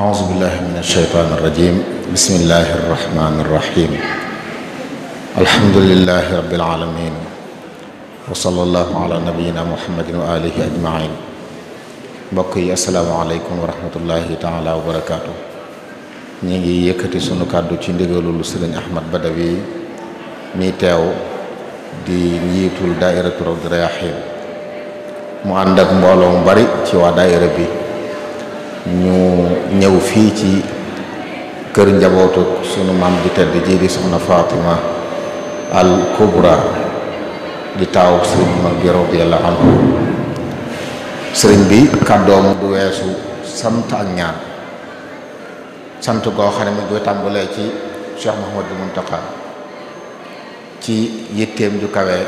أعوذ بالله من الشيطان الرجيم بسم الله الرحمن الرحيم الحمد لله رب العالمين وصلى الله على نبينا محمد وآله أجمعين mbokk yi asalaamaaleykum wa rahmatullahi taala wa barakaatu ñi ngi yëkkati sunu kàddu ci ndigalul sëriñ Ahmad Badawi mi teew di njiitul daairatu Rawdu Rayaahiin mu ànd ak mbooloo mu bari ci waa daaira bi ñu ñëw fii ci kër njabootu sunu maam ji tedd ji di soxna Fatima al Kubra di taaw sëriñ bi radiyallahu kàddoom du weesu sant ak ñaan sant goo xam ne mu ngi tàmbalee ci Cheikh Mouhamadou Mountakha ci yitteem ju kawe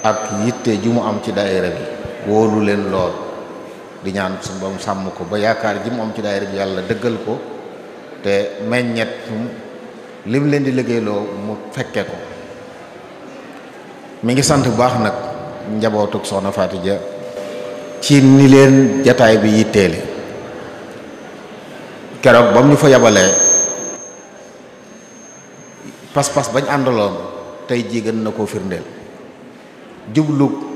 ak yitte ju mu am ci daayira bi wóolu leen lool di ñaan suñu borom sàmm ko ba yaakaar ji mu am ci daayira bi yàlla dëggal ko te meññet lim leen di liggéeyloo mu fekke ko mi ngi sant bu baax nag njabootug soxna Fatou Dia ci ni leen jataay bi yitteele keroog ba mu ñu fa yabalee pas-pas bañ àndaloon tey jii gën na koo firndeel jublu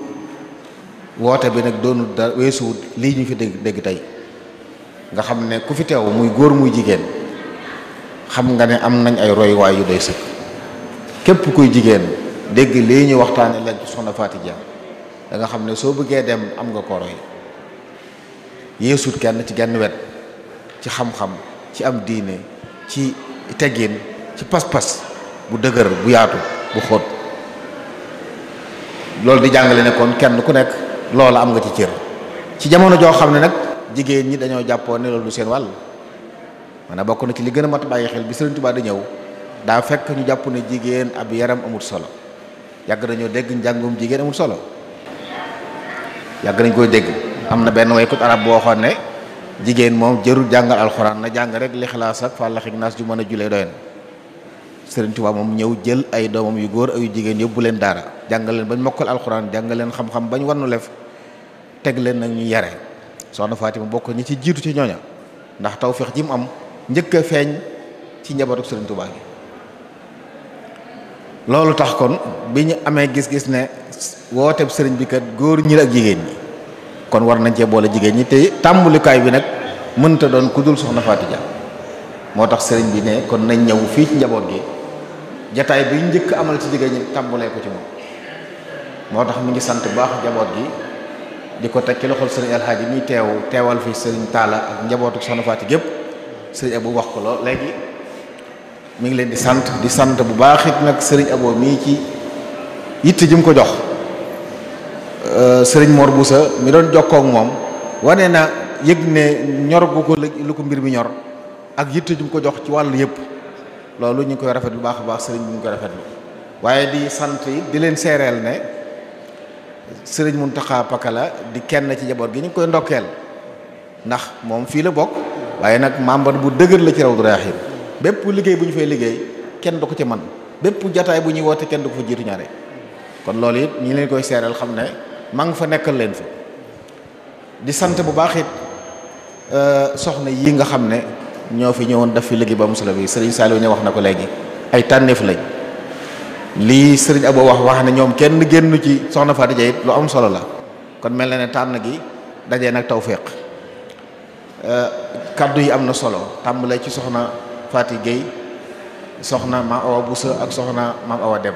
woote bi nag doonu da weesuwut lii ñu fi dégg dégg tey nga xam ne ku fi teew muy góor muy jigéen xam nga ne am nañ ay roy waay yu doy sëkk képp kuy jigéen dégg lii ñu waxtaane la soxna Faati Dia danga xam ne soo bëggee dem am nga ko roy yeesut kenn ci genn wet ci xam-xam ci am diine ci teggin ci pas-pas bu dëgër bu yaatu bu xóot loolu di jàngale ne kon kenn ku nekk loola am nga ci cër ci jamono joo xam ne nag jigéen ñi dañoo jàppoo ne loolu du seen wàll maanaam bokk na ci li gën a mat bàyyi xel bi Sëriñ Tuubaa da ñëw daa fekk ñu jàpp ne jigéen ab yaram amul solo yàgg nañoo dégg njàngum jigéen amul solo yàgg nañ koy dégg am na benn waykut arab boo waxoon ne jigéen moom jërul jàngal alxuraan na jàng rek lixlaas ak fàllax ak naas ju mën a julee doyen Sëriñ Tuubaa moom ñëw jël ay doomam yu góor ay jigéen yóbbu leen daara jàngal leen bañ mokkal alxuraan jàng leen xam-xam bañ nu lef teg leen nag ñu yare soxna Fatima bokk ñi ci jiitu ci ñooña ndax taw feex ji mu am njëkk a feeñ ci njabootu Sëriñ Tuubaa gi loolu tax kon bi ñu amee gis-gis ne wooteeb sëriñ bi kat góor ñi ak jigéen ñi kon war nañ cee boole jigéen ñi te tàmbalikaay bi nag mënta doon ku dul soxna Fatima moo tax sëriñ bi ne kon nañ ñëw fii ci njaboot gi jataay bi njëkk amal ci jigéen ñi tàmbalee ko ci moom moo tax mu ngi sant baax njaboot gi di ko teg ci loxol sëriñ alxaaji muy teew teewal fi sëriñ taala ak njabootu soxna Faati gépp sëriñ Abo wax ko lool léegi mi ngi leen di sant di sant bu baax nag sëriñ Abo mii ci yitte ji ko jox euh, sëriñ Mor Boussa mi doon jokkoo ak moom wane na yëg ne ñor ko lu ko mbir mi ñor ak yitte ji ko jox ci wàll yëpp loolu ñu koy rafet bu baax a baax sëriñ bi mu ngi koy rafetlu waaye di sant it di leen seereel ne sëriñ Mountakha Pakala di kenn ci jaboot gi ñu ngi koy ndokkeel ndax moom fii la bokk waaye nag membre bu dëgër la ci Rawdu Rayaahiin bépp liggéey bu ñu fay liggéey kenn du ko ci man bépp jataay bu ñuy woote kenn du ko fa jiitu ñaare kon loolu it ñi leen koy seeral xam ne maa ngi fa nekkal leen fi di sant bu baax it euh, soxna yi nga xam ne ñoo fi ñëwoon daf fi liggéey ba mu solo bi sëriñ Saliou ñu wax na ko léegi ay tànneef lañ lii sëriñ Abo wax wax ne ñoom kenn génn ci soxna Fatou Dia it lu am solo la kon mel na ne tànn gi dajee nag tawféex euh, kàddu yi am na solo tàmbalee ci soxna Fatou Gueye soxna maam Awa Boussa ak soxna maam Awa Dem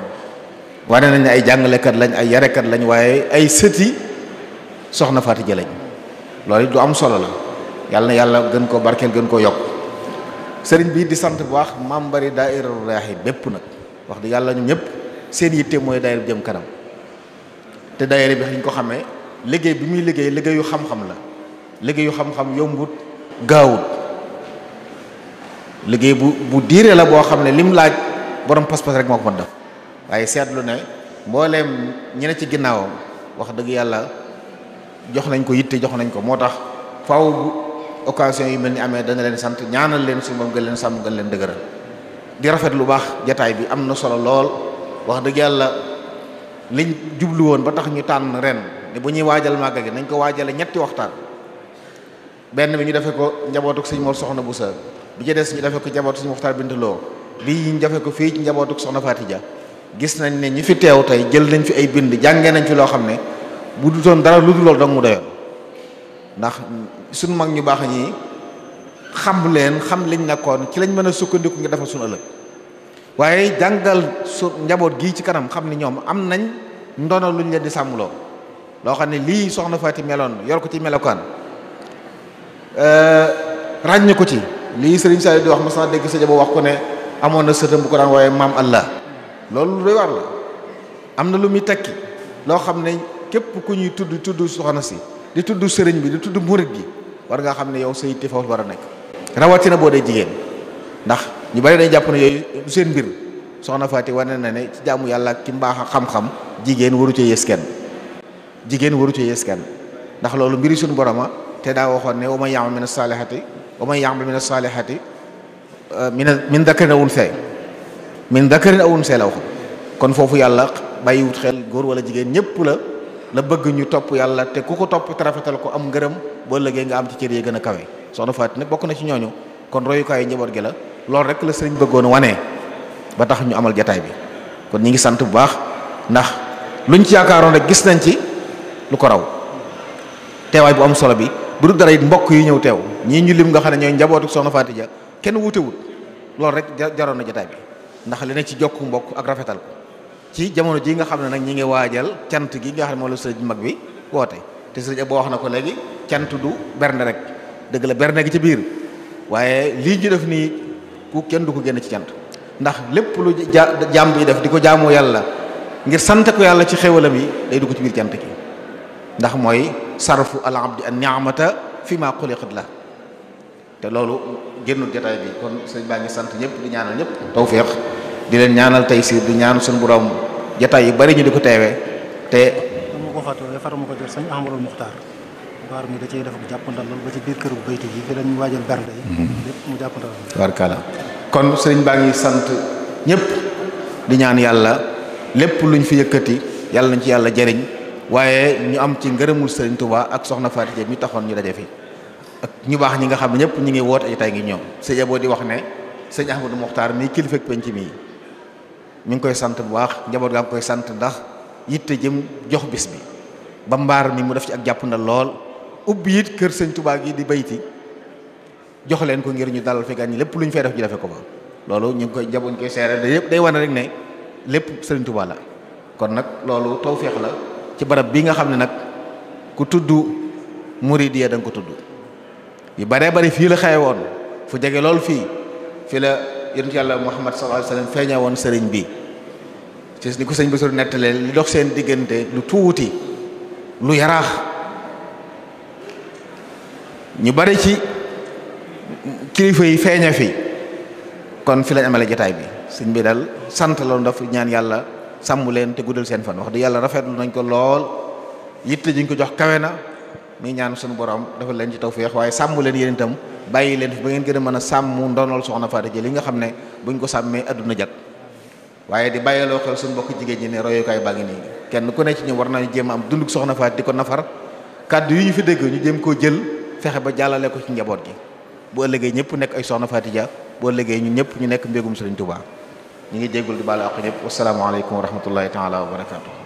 wane nañ ne ay jàngalekat lañ ay yarekat lañ waaye ay sëti soxna Fatou Dia lañ loolu du am solo la yàlla yàlla gën koo barkeel gën koo yokk sëriñ bii di sant bu baax membres yi daayira Rayahin bépp nag wax di yàlla ñun ñëpp seen yitte mooy daayira bi jëm kanam te daayira bi xañ ko xame liggéey bi muy liggéey liggéeyu xam-xam la liggéeyu xam-xam yombut gaawut liggéey bu bu diire la boo xam ne lim laaj borom pas-pas rek moo ko mën def waaye seetlu ne mbooleem ñi ne ci ginnaawam wax dëgg yàlla jox nañ ko yitte jox nañ ko moo tax faaw bu occasion yu mel ni amee dana leen sant ñaanal leen suñu moom gën leen sàmm gën leen dëgëral di rafet lu baax jataay bi am na solo lool wax dëgg yàlla liñ jublu woon ba tax ñu tànn ren ne bu ñuy waajal màggal gi nañ ko waajale ñetti waxtaan benn bi ñu defee ko njabootu sëñ moo Soxna Boussa bi ci des ñu defee ko njabootu sëñ Muxtaar Binta Lo bii ñu defee ko fii ci njabootuk Soxna Faati Ja gis nañ ne ñu fi teew tey jël nañ fi ay bind jàngee nañ fi loo xam ne bu dutoon dara lu dul loolu dong mu doyoon ndax suñ mag ñu baax ñi xam leen xam liñ nekkoon ci lañ mën a sukkandiku nga defal suñu ëllëg waaye jàngal su njaboot gii ci kanam xam ni ñoom am nañ ndono luñ leen di sàmmloo loo xam ne lii soxna Faati meloon yor ko ci melokaan euh, ràññ ko ci lii sëriñ Saliou di wax mas naa dégg sa jabo wax ko ne amoon na sëtam bu ko daan waaye maam Allah loolu lu doy war la am na lu muy tekki loo xam ne képp ku ñuy tudd tudd soxna si di tudd sëriñ bi di tudd murit gi war ngaa xam ne yow sa yitte foofu war a nekk rawatina boo dee jigéen ndax ñu bari dañ jàpp ne yooyu seen mbir soxna Faati wane na ne ci jaamu yàlla ak ki mbaaxa a xam-xam jigéen waru ci kenn jigéen waru ci yées kenn ndax loolu mbiri suñu boroma te daa waxoon ne wa man yaamal min as-salihati wa man yaamal euh, min as-salihati min min dakarin awun see min dakarin awun see la waxoon kon foofu yàlla bàyyiwut xel góor wala jigéen ñëpp la la bëgg ñu topp yàlla te ku ko topp te rafetal ko am ngërëm boo lëggee nga am ci cër yi gën a kawe soxna Faati nag bokk na ci ñooñu kon royukaayu njaboot gi la loolu rek la sëriñ bëggoon wane ba tax ñu amal jataay bi kon ñi ngi sant bu baax ndax luñ ci yaakaaroon rek gis nañ ci lu ko raw teewaay bu am solo bi bu dul dara it mbokk yi ñëw teew ñii ñu lim nga xam ne ñooy njabootu soxna Faati Ja kenn wute wuutewut loolu rek jaroon na jataay bi ndax li ne ci jokk mbokk ak rafetal ci jamono ji nga xam ne nag ñi ngi waajal cant gi nga xam ne moom la sëriñ mag bi woote te sëriñ boo wax na ko léegi cant du bernde rek dëgg la bernde ci biir ku kenn du ko génn ci cant ndax lépp lu ja jaam bi def di ko jaamoo yàlla ngir sant ko yàlla ci xéwalam yi day ko ci biir cant gi ndax mooy sarfu al abdi an ni'mata fi ma xuliqat la te loolu génnul jotaay bi kon sëñ baa ngi sant ñëpp di ñaanal ñëpp tawféex di leen ñaanal tey si di ñaanu suñu borom jotaay yi bari ñu di ko teewee te. dama ko fàtte waaye fàtte ko jot Muxtaar mbaar mi da cee def jàppandal lool ba ci biir këru bayti yi fi lañu waajal bernde yi mhm. lépp mu jàppandal barkaala kon sëriñ baa ngi sant ñëpp di ñaan yàlla lépp luñ fi yëkkati yàlla nañ ci yàlla jëriñ waaye ñu am ci ngërëmul sëriñ Touba ak soxna Fatou bi mi taxoon ñu daje fi ak ñu baax ñi nga xam ne ñëpp ñu ngi woot ay tay ngi ñoom sëñ Abo di wax ne sëñ Ahmadou Mokhtar mii kilifa ak penc mii mi ngi koy sant bu baax njaboot gaa sant ndax yitte jëm jox bis bi ba mbaar mi mu def ci ak jàppandal lool ubbi it kër sëñ Tuubaa gi di bayti jox leen ko ngir ñu dalal fi gan ñi lépp luñ ñu fay def ñu defe ko fa loolu ñu ngi koy njaboot ñu koy seere da yëpp day wane rek ne lépp sëriñ Tuubaa la kon nag loolu tawféex la ci barab bi nga xam ne nag ku tudd muridiya da nga ko tudd yu baree bari fii la xewe woon fu jege loolu fii fii la yonent yàlla Muhammad sallallahu alayhi wa sallam feeña woon sëriñ bi ci ni ko sëñ Basiru nettalee li dox seen diggante lu tuuti lu yaraax ñu bari ci kilifa yi feeña fi kon fi lañ amale jataay bi sëñ bi sant la dafa ñaan yàlla sàmm leen te guddal seen fan wax dëgg yàlla rafetlu nañ ko lool yitte ji ñu ko jox kawe na mi ñaan suñu borom dafa leen ci tawfeex waaye sàmm leen yéen itam bàyyi leen fi ba ngeen gën a mën a sàmm ndonol soxna Faty jël yi nga xam ne buñ ko sàmmee adduna jat waaye di bàyyiloo xel suñu mbokk jigéen ñi ne royukaay baa ngi nii kenn ku ne ci ñu war na jéem a am dunduk soxna Faty fexe ba jàllalee ko ci njaboot gi boo ëllëgee ñëpp nekk ay soxna Fatidia boo ëllëgee ñu ñëpp ñu nekk mbégum Sëriñ Tuubaa ñu ngi jéggul di bàlla ak ñëpp wasalaamaaleykum wa rahmatullahi taala wa barakaatu